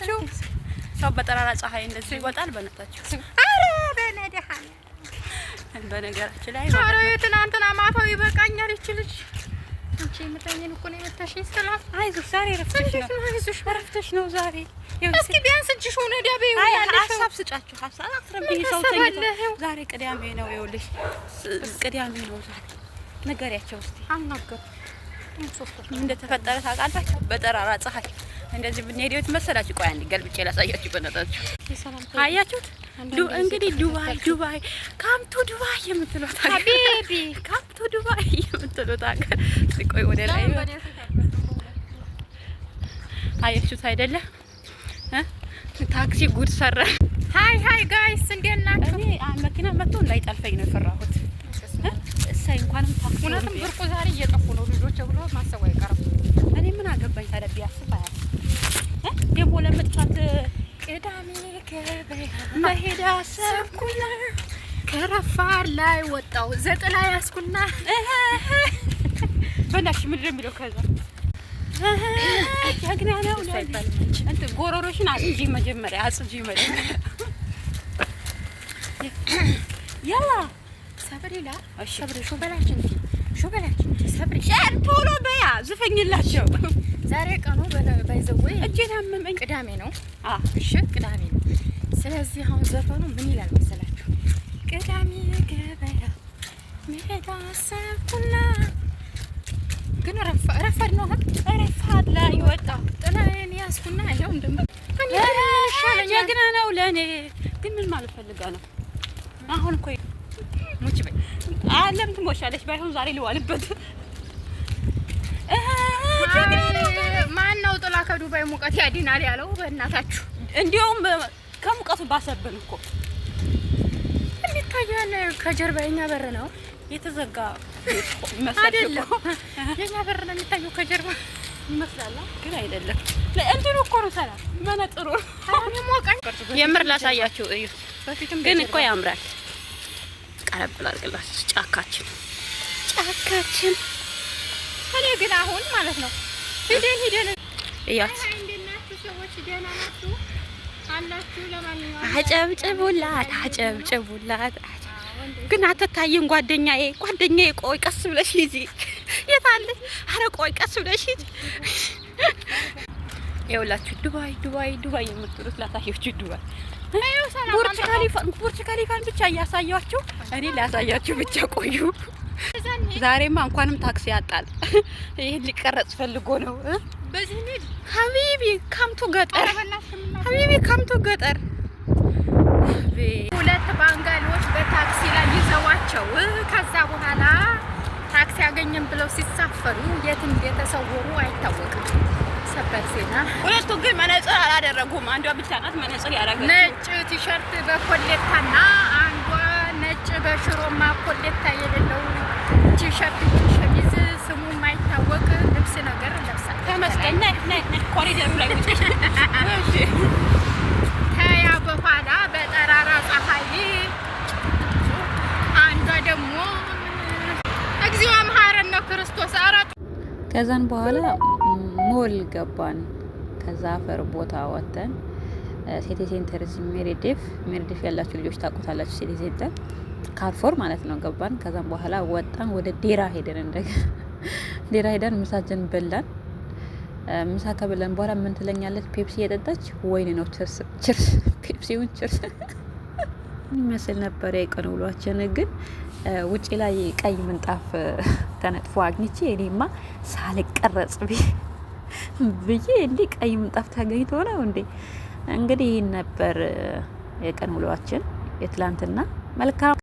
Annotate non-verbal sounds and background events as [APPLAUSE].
ናችሁ? ሰው በጠራራ ፀሐይ እንደዚህ ይወጣል። በነታችሁ አረ በነዳሃን በነገራችን ላይ አረ የትናንትና ማታው ይበቃኛል። ይችልሽ ልጅ አንቺ የምታኝን እኮ ነው የመታሽኝ ስለ አይዞሽ ዛሬ ረፍተሽ ነው፣ አይዞሽ ረፍተሽ ነው ዛሬ። እስኪ ቢያንስ እጅሽ ሆነ ዳቤ አይ ሀሳብ ስጫችሁ፣ ሀሳብ አትረብኝ። ሰው ተኝቶ ዛሬ ቅዳሜ ነው፣ ይኸውልሽ ቅዳሜ ነው ዛሬ። ንገሪያቸው እስቲ አልነገርኩም እንደተፈጠረ ታውቃላችሁ። በጠራራ ፀሐይ እንደዚህ ብንሄድ የት መሰላችሁ? ቆይ አንዴ ገልብጬ ላሳያችሁ። በእናታችሁ አያችሁት? ዱ እንግዲህ ዱባይ ዱባይ ካምቱ ዱባይ የምትሉት ሀቢቢ ካምቱ ዱባይ የምትሉት ሀገር ቆይ ወደ ላይ አያችሁት አይደለ? ታክሲ ጉድ ሰራ። ሀይ ሀይ ጋይስ እንዴት ናችሁ? እኔ መኪና መጥቶ እንዳይጠልፈኝ ነው የፈራሁት። እሰይ እንኳንም ታክሲ እውነትም ብርቁ ዛሬ እየጠፉ ነው ልጆች ብሎ ማሰቡ አይቀርም። እኔ ምን አገባኝ ታዲያ ቢያስብ ደግሞ ለመጥፋት ቅዳሜ ገበያ መሄድ አሰብኩና ከረፋድ ላይ ወጣሁ። ዘጠና ያዝኩና በእናትሽ ምንድን ነው የሚለው? ከዛ ጀግና ነው እንትን ጎረሮሽን አጽጂ መጀመሪያ አጽጂ መጀመሪያ ያላ ሰብሪላ ሰብሪ ሾ በላችን ሸር ቶሎ በያ ዝፈኝላቸው። ዛሬ ቀኑ ባይዘወይ እጄን አመመኝ። ቅዳሜ ነው። እሺ ቅዳሜ ነው። ስለዚህ አሁን ዘፈኑ ምን ይላል መሰላችሁ? ቅዳሜ ገበያ መሄድ አሰብኩና ግን ረፋድ ነው። ረፋድ ላይ ወጣ ጥናዬን ያዝኩና ይኸው እንደም ጀግና ነው ለእኔ ግን ምን ማለት ፈልጋ ነው አሁን እኮ ሙች በይ አለም ትሞሻለች። ባይሆን ዛሬ ልዋልበት። ማን ነው ጥላ ከዱባይ ሙቀት ያድናል ያለው? በእናታችሁ እንዲሁም ከሙቀቱ ባሰብን እኮ የሚታየን ከጀርባ የኛ በር ነው የተዘጋ አይደለም። የኛ በር ነው የሚታየው ከጀርባ ይመስላል፣ ግን አይደለም። እንትኑ እኮ ነው ሰላም መነጥሩ። የምር ላሳያችሁ፣ እዩ። ግን እኮ ያምራል ቀረብ ላድርግላችሁ። ጫካችን ጫካችን እኔ ግን አሁን ማለት ነው ሂደን ሂደን እያት አጨብጭቡላት፣ አጨብጭቡላት። ግን አትታይም ጓደኛዬ፣ ጓደኛዬ ቆይ ቀስ ብለሽ ሂጂ። የት አለሽ? ኧረ ቆይ ቀስ ብለሽ ሂጂ። ይኸውላችሁ ዱባይ ዱባይ ዱባይ የምትሉት ላሳየችሁ ዱባይ ቡርጅ ከሊፋን ብቻ እያሳያችሁ እኔ ላያሳያችሁ ብቻ ቆዩ። ዛሬማ እንኳንም ታክሲ ያጣል። ይህን ሊቀረጽ ፈልጎ ነው። ሀቢቢ ካምቱ ገጠር፣ ሀቢቢ ካምቱ ገጠር። ሁለት ባንጋሎች በታክሲ ላይ ይዘዋቸው ከዛ በኋላ ታክሲ አገኘን ብለው ሲሳፈሩ የትም የተሰወሩ አይታወቅም። ሰበር ዜና። ሁለቱ ግን መነጽር አላደረጉም። አንዷ ብቻ ናት መነጽር ያደረገች ነጭ ቲሸርት በኮሌታና አንዷ ነጭ በሽሮማ ኮሌታ የሌለው ቲሸርት ሸሚዝ ስሙ የማይታወቅ ልብስ ነገር ለብሳ ተመስገን ኮሪደሩ ላይ ተያ በኋላ በጠራራ ፀሐይ አንዷ ደግሞ እግዚኦ መሐረነ ክርስቶስ አራት ከዛን በኋላ ሞል ገባን። ከዛ አፈር ቦታ ወጥተን ሲቲ ሴንተር እዚህ ሜሪዲፍ ሜሪዲፍ ያላችሁ ልጆች ታውቁታላችሁ። ሲቲ ሴንተር ካርፎር ማለት ነው። ገባን። ከዛም በኋላ ወጣን፣ ወደ ዴራ ሄደን እንደገና [LAUGHS] ዴራ ሄደን ምሳችን በላን። ምሳ ከበላን በኋላ ምን ትለኛለች? ፔፕሲ የጠጣች ወይን ነው ችርስ ችርስ፣ [LAUGHS] ፔፕሲውን ችርስ [LAUGHS] ይመስል ነበር የቀን ውሏችን። ግን ውጪ ላይ ቀይ ምንጣፍ ተነጥፎ አግኝቼ እኔማ ሳልቀረጽ ብዬ እንዲ ቀይ ምንጣፍ ተገኝቶ ነው እንዴ? እንግዲህ ይህን ነበር የቀን ውሏችን የትላንትና መልካም